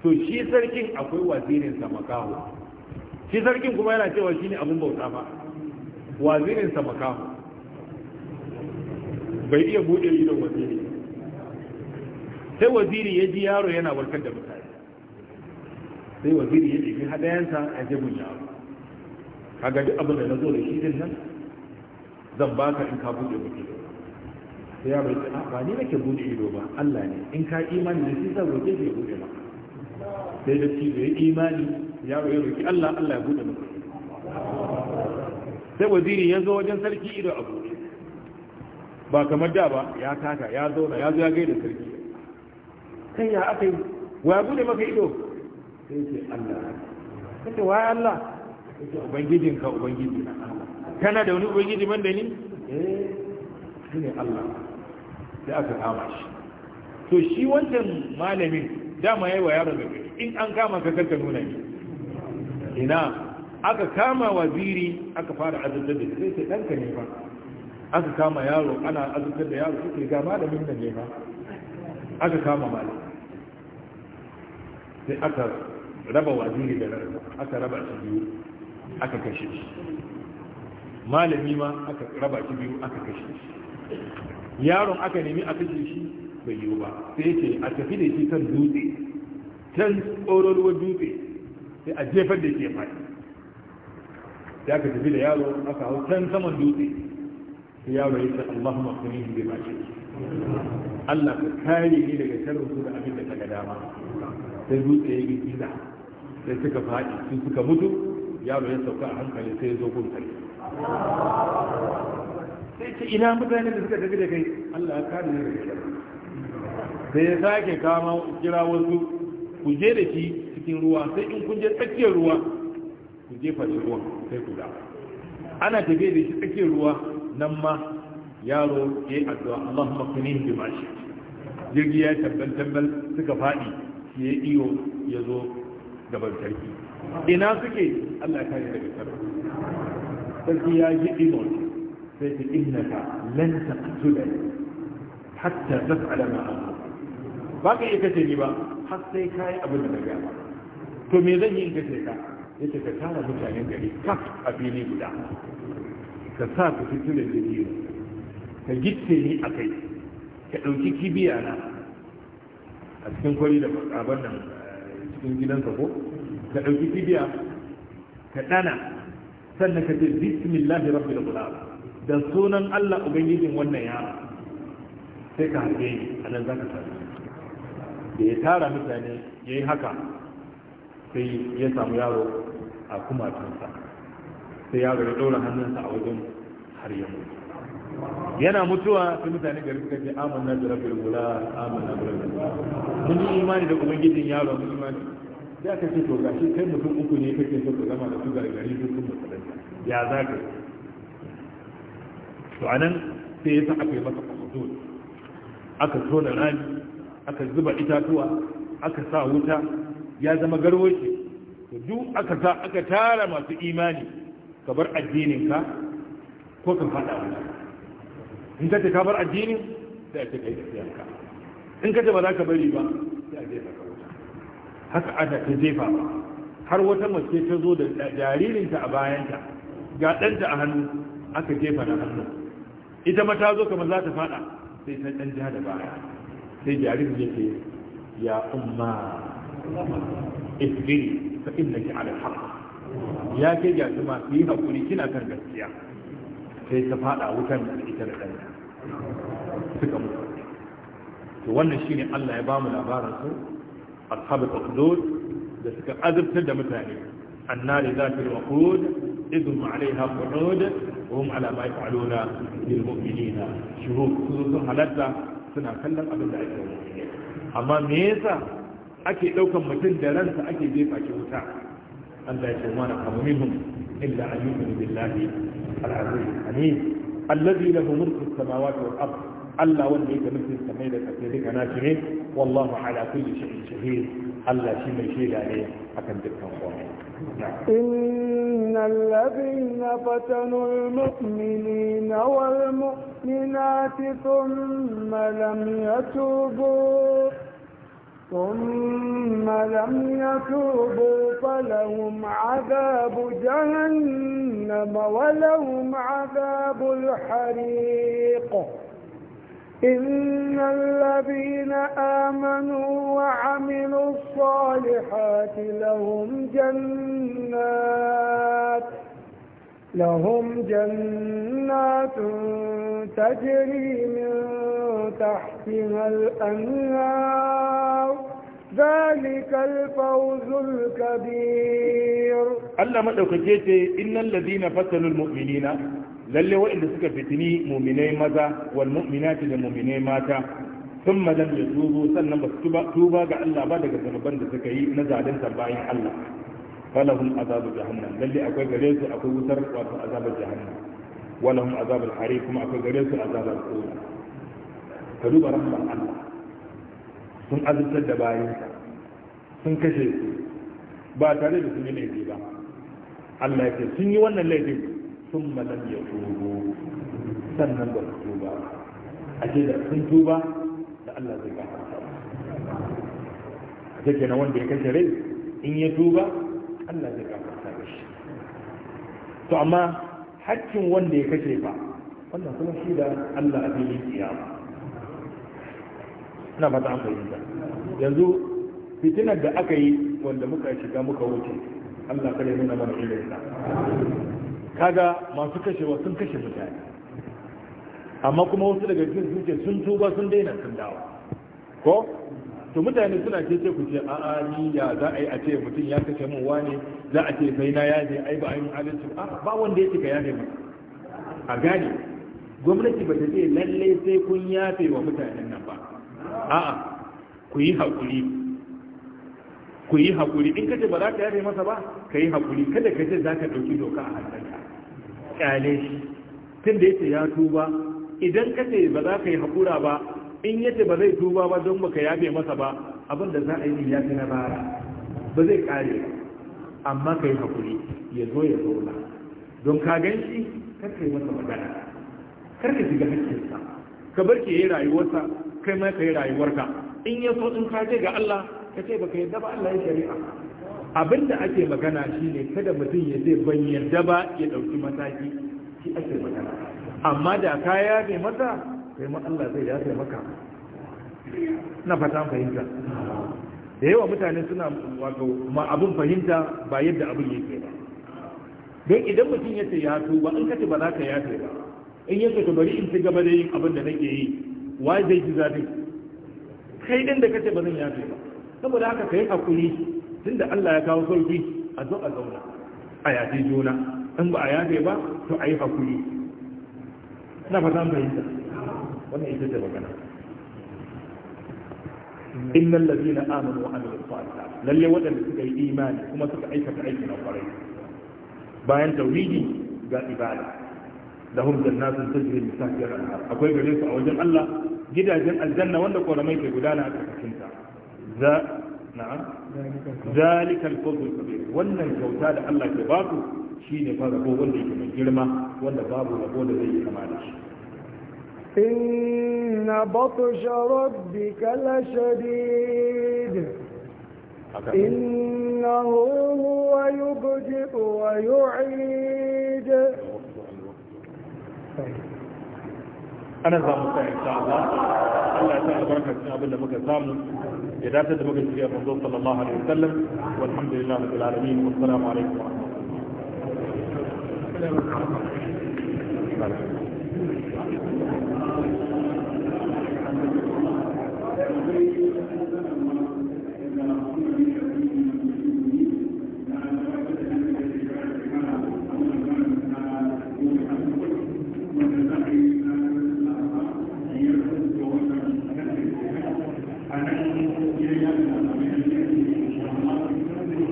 to shi sarkin akwai wazirin sa makaho shi sarkin kuma yana cewa shi ne abin bauta ba wazirin sa makaho bai iya buɗe gidan waziri sai waziri ya ji yaro yana warkar da mutane sai waziri ya ɗibi hadayensa ya je gun yaro kaga duk abin da na zo da shi din nan zan baka in ka buɗe buɗe sai ya bai ce ah, ba ni nake buɗe ido ba Allah ne in ka imani da shi zan roƙe shi ya buɗe maka sai da shi da imani yaro ya roƙi Allah Allah ya buɗe maka sai waziri ya zo wajen sarki ido a buɗe ba kamar da ba ya taka ya zauna ya zo ya gaida sarki kai ya aka yi wa ya buɗe maka ido sai ce Allah sai ce wa Allah ubangijinka ubangiji kana da wani ubangiji man da ni eh ne Allah da aka kama shi to shi wancan malamin dama yayi wa yaro gabe in an kama ka karka nuna ni ina aka kama waziri aka fara azabta da sai sai danka ne fa aka kama yaro ana azabta da yaro sai ga malamin nan ne fa aka kama malamin sai aka raba waziri da rarraba aka raba shi biyu aka kashe shi malami ma aka raba shi biyu aka kashe shi yaron aka nemi a kashe shi bai yiwu ba sai ce a tafi da shi kan dutse can tsoron dutse sai a jefar da shi ya faɗi sai aka tafi da yaro aka hau can saman dutse sai yaro ya ce Allahu makuni bi ma shi Allah ka kare ni daga sharrin su da abin da daga dama sai dutse ya yi giza sai suka faɗi su suka mutu yaro ya sauka a hankali sai ya zo gun sai ce ina mutane da suka tafi da kai Allah ya kare ne daga sai ya sake kama kira wasu ku je da shi cikin ruwa sai in kun je tsakiyar ruwa ku je shi ruwa sai ku dawo ana tafiya da shi tsakiyar ruwa nan ma yaro ya yi addu'a Allahumma kunin bi mashi jirgi ya tabbal tabbal suka faɗi ya iyo ya zo gaban sarki ina suke Allah kare daga sarki sarki ya ji imon sai ta ka lan taqtula hatta taf'ala ma amara ba ka ita ce ni ba har sai kai abin da na ga to me zan yi in ka yace ka tara mutanen gari kaf a fili guda ka sa ka fito da jini ka gitse ni a kai ka ɗauki kibiya na a cikin kwari da abin nan eh, cikin gidansa ko ka ɗauki tibiya ka ɗana sannan ka ce bismillahi da gulam da sunan Allah ubangijin wannan yaro sai ka harbe a nan za ka sami da ya tara mutane ya yi haka sai ya samu yaro a kumatunsa sai yaro ya ɗora hannunsa a wajen har ya mutu yana mutuwa su mutane gari suka ce amanna da rabbil gula amanna da rabbil gula mun yi imani da ubangijin yaro mun imani ya aka ce to gashi kai mutum uku ne kake so ka zama da su gargari dukkan sun ya za ka yi to anan sai ya sa aka yi masa kwamfuto aka tona rami aka zuba itatuwa aka sa wuta ya zama garwashi to duk aka sa aka tara masu imani ka bar addininka ko ka fada wuta in ka ce ka bar addinin sai a ce kai da siyanka in ka ce ba za ka bari ba sai a jefa haka ana ta jefa har wata mace ta zo da jaririnta a bayanta ga ɗanta a hannu aka jefa da hannu ita ma ta zo kamar za ta fada sai ta ɗan ja da baya sai jaririn ya ce ya umma isbiri fa innaki ala haqq ya ke ga su ma yi hakuri kina kan gaskiya sai ta fada wutan da ita da ɗanta suka mutu to wannan shine Allah ya bamu labarin su ashabul ukhdud da suka azabtar da mutane annari zafil waqud idhum 'alayha qu'ud wa hum 'ala ma yaf'aluna lil mu'minina shuhud sun halatta suna kallon abin da ake yi amma me yasa ake daukan mutum da ransa ake jefa shi wuta Allah ya ce mana kamu minhum illa an yu'minu billahi al-'aziz al lahu mulku samawati wal-ardh الله وانه يجب مثل السميدة كثيرك ناشره والله على كل شيء شهيد الله شيء يشير عليه حكم نعم. تبقى إن الذين فتنوا المؤمنين والمؤمنات ثم لم يتوبوا ثم لم يتوبوا فلهم عذاب جهنم ولهم عذاب الحريق إن الذين آمنوا وعملوا الصالحات لهم جنات لهم جنات تجري من تحتها الأنهار ذلك الفوز الكبير ألا ما لو مدوكتي إن الذين فتنوا المؤمنين lalle waɗanda suka fitini muminai maza wal mu'minati da muminai mata sun madan da tuzo sannan ba su tuba ga Allah ba daga zanuban da suka yi na zalunta bayan Allah falahum azabu jahannam lalle akwai gare su akwai wutar wato azabar jahannam walahum azabul hari kuma akwai gare su azabar tsoro ka duba rahmar Allah sun azabtar da bayan sun kashe su ba tare da sun yi laifi ba Allah ya ce sun yi wannan laifin sun malam ya tubo sannan ba su tuba a ce da sun tuba da Allah zai ba a ce kenan wanda ya kashe rai in ya tuba Allah zai gafarta da shi to amma hakkin wanda ya kashe ba wannan kuma shi da Allah a filin kiyama ina fata an fahimta yanzu fitinar da aka yi wanda muka shiga muka wuce Allah kare nuna mana ilinsa kaga masu kashewa sun kashe mutane amma kuma wasu daga cikin sun ce sun tuba sun daina sun dawa ko to mutane suna ce ce ku ce a a ni ya za a yi a ce mutum ya kashe min wani za a ce sai na yaje ai ba a yi adalci a ba wanda ya ce ka yaje mu a gane gwamnati ba ta ce lalle sai kun yafe wa mutanen nan ba a'a ku yi haƙuri ku yi haƙuri in kace ba za ka yafe masa ba ka yi haƙuri kada ka ce za ka ɗauki doka a hannunka kyale shi tun da yake ya tuba idan ka ce ba za ka yi haƙura ba in yace ba zai tuba ba don baka yabe masa ba abin da za a yi ya fi na bara ba zai kare amma ka yi haƙuri ya zo ya zauna don ka gan shi kar ka yi masa magana kar ka shiga hakkinsa ka bar ki yi rayuwarsa kai ma ka yi rayuwarka in ya so in ka je ga Allah ka ce baka yadda ba Allah ya shari'a abinda ake magana shine kada mutum ya zai ban yarda ba ya ɗauki mataki shi ake magana amma da kaya mai masa sai ma Allah zai sai maka na fatan fahimta da yawa mutane suna wato ma abin fahimta ba yadda abin yake ba don idan mutum ya ce ya tuba in kace ba za ka yafe ba in ya ce bari in ci gaba da yin abin da nake yi wai zai ji zafi kai din da kace ba zan yafe ba saboda haka kai hakuri Tun da Allah ya kawo sauki a zo a zauna a yafe juna in ba a yafe ba to a yi hakuri na fatan fahimta wannan ita ce magana innal ladina amanu wa amilus salihat lalle wadanda suka yi imani kuma suka aikata aiki na kwarai bayan tauhidi ga ibada lahum jannatun tajri min tahtiha al-anhar akwai gare su a wajen Allah gidajen aljanna wanda koramai ke gudana a karkashin ta za na'am ذلك الفوز الكبير wannan kyauta da Allah ke ba ku shine fa rabo wanda yake mai girma wanda babu rabo da zai yi kama da shi inna batsha rabbika lashadid innahu huwa yubdi wa yu'id ana za mu sa insha Allah Allah ya sa albarka cikin abin da muka samu ya dace da muka cikin manzo sallallahu alaihi wasallam walhamdulillahi rabbil alamin wassalamu alaikum wa rahmatullahi wa barakatuh